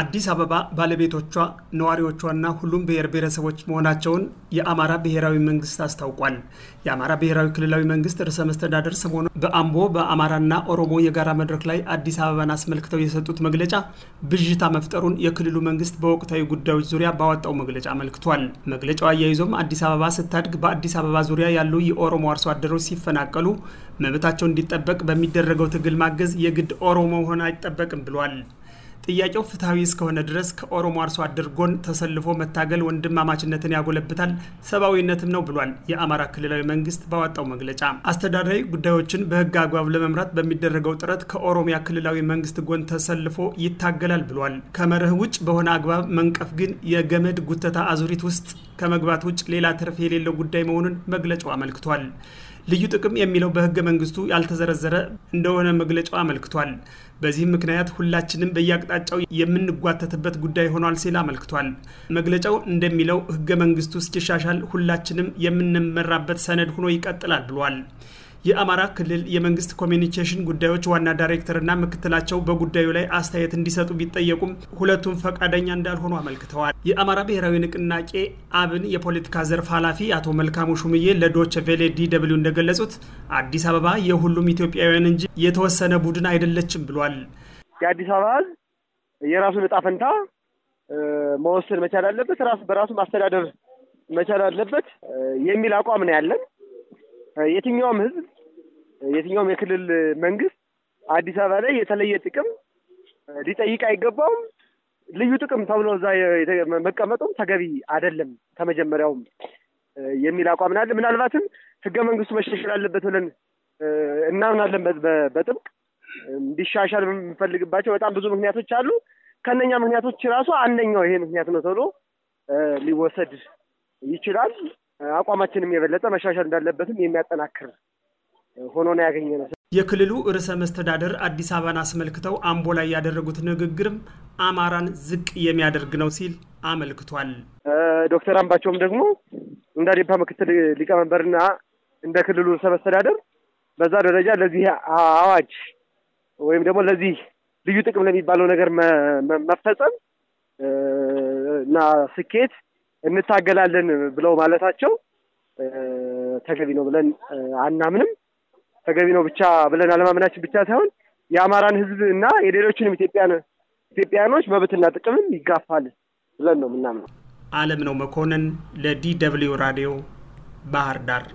አዲስ አበባ ባለቤቶቿ ነዋሪዎቿና ሁሉም ብሔር ብሔረሰቦች መሆናቸውን የአማራ ብሔራዊ መንግስት አስታውቋል። የአማራ ብሔራዊ ክልላዊ መንግስት ርዕሰ መስተዳደር ሰሞኑ በአምቦ በአማራና ኦሮሞ የጋራ መድረክ ላይ አዲስ አበባን አስመልክተው የሰጡት መግለጫ ብዥታ መፍጠሩን የክልሉ መንግስት በወቅታዊ ጉዳዮች ዙሪያ ባወጣው መግለጫ አመልክቷል። መግለጫው አያይዞም አዲስ አበባ ስታድግ በአዲስ አበባ ዙሪያ ያሉ የኦሮሞ አርሶ አደሮች ሲፈናቀሉ መብታቸው እንዲጠበቅ በሚደረገው ትግል ማገዝ የግድ ኦሮሞ መሆን አይጠበቅም ብሏል። ጥያቄው ፍትሐዊ እስከሆነ ድረስ ከኦሮሞ አርሶ አደር ጎን ተሰልፎ መታገል ወንድማማችነትን ያጎለብታል፣ ሰብአዊነትም ነው ብሏል የአማራ ክልላዊ መንግስት ባወጣው መግለጫ። አስተዳደራዊ ጉዳዮችን በህግ አግባብ ለመምራት በሚደረገው ጥረት ከኦሮሚያ ክልላዊ መንግስት ጎን ተሰልፎ ይታገላል ብሏል። ከመርህ ውጭ በሆነ አግባብ መንቀፍ ግን የገመድ ጉተታ አዙሪት ውስጥ ከመግባት ውጭ ሌላ ትርፍ የሌለው ጉዳይ መሆኑን መግለጫው አመልክቷል። ልዩ ጥቅም የሚለው በህገ መንግስቱ ያልተዘረዘረ እንደሆነ መግለጫው አመልክቷል። በዚህም ምክንያት ሁላችንም በየአቅጣጫው የምንጓተትበት ጉዳይ ሆኗል ሲል አመልክቷል። መግለጫው እንደሚለው ህገ መንግስቱ እስኪሻሻል ሁላችንም የምንመራበት ሰነድ ሆኖ ይቀጥላል ብሏል። የአማራ ክልል የመንግስት ኮሚኒኬሽን ጉዳዮች ዋና ዳይሬክተርና ምክትላቸው በጉዳዩ ላይ አስተያየት እንዲሰጡ ቢጠየቁም ሁለቱም ፈቃደኛ እንዳልሆኑ አመልክተዋል። የአማራ ብሔራዊ ንቅናቄ አብን የፖለቲካ ዘርፍ ኃላፊ አቶ መልካሙ ሹምዬ ለዶች ቬሌ ዲ እንደገለጹት አዲስ አበባ የሁሉም ኢትዮጵያውያን እንጂ የተወሰነ ቡድን አይደለችም ብሏል። የአዲስ አበባ የራሱ የራሱን እጣ ፈንታ መወሰን መቻል አለበት፣ ራሱ በራሱ ማስተዳደር መቻል አለበት የሚል አቋም ነው ያለን የትኛውም ህዝብ የትኛውም የክልል መንግስት አዲስ አበባ ላይ የተለየ ጥቅም ሊጠይቅ አይገባውም። ልዩ ጥቅም ተብሎ እዛ መቀመጡም ተገቢ አይደለም ከመጀመሪያውም የሚል አቋም ናለ። ምናልባትም ህገ መንግስቱ መሻሻል አለበት ብለን እናምናለን በጥብቅ እንዲሻሻል የምንፈልግባቸው በጣም ብዙ ምክንያቶች አሉ። ከእነኛ ምክንያቶች ራሱ አንደኛው ይሄ ምክንያት ነው ተብሎ ሊወሰድ ይችላል። አቋማችንም የበለጠ መሻሻል እንዳለበትም የሚያጠናክር ሆኖ ነው ያገኘ ነው። የክልሉ ርዕሰ መስተዳደር አዲስ አበባን አስመልክተው አምቦ ላይ ያደረጉት ንግግርም አማራን ዝቅ የሚያደርግ ነው ሲል አመልክቷል። ዶክተር አምባቸውም ደግሞ እንደ አዴፓ ምክትል ሊቀመንበርና እንደ ክልሉ ርዕሰ መስተዳደር በዛ ደረጃ ለዚህ አዋጅ ወይም ደግሞ ለዚህ ልዩ ጥቅም ለሚባለው ነገር መፈጸም እና ስኬት እንታገላለን ብለው ማለታቸው ተገቢ ነው ብለን አናምንም። ተገቢ ነው ብቻ ብለን አለማመናችን ብቻ ሳይሆን የአማራን ህዝብ እና የሌሎችንም ኢትዮጵያን ኢትዮጵያኖች መብትና ጥቅምም ይጋፋል ብለን ነው ምናምነው። አለም ነው መኮንን ለዲ ደብልዩ ራዲዮ ባህር ዳር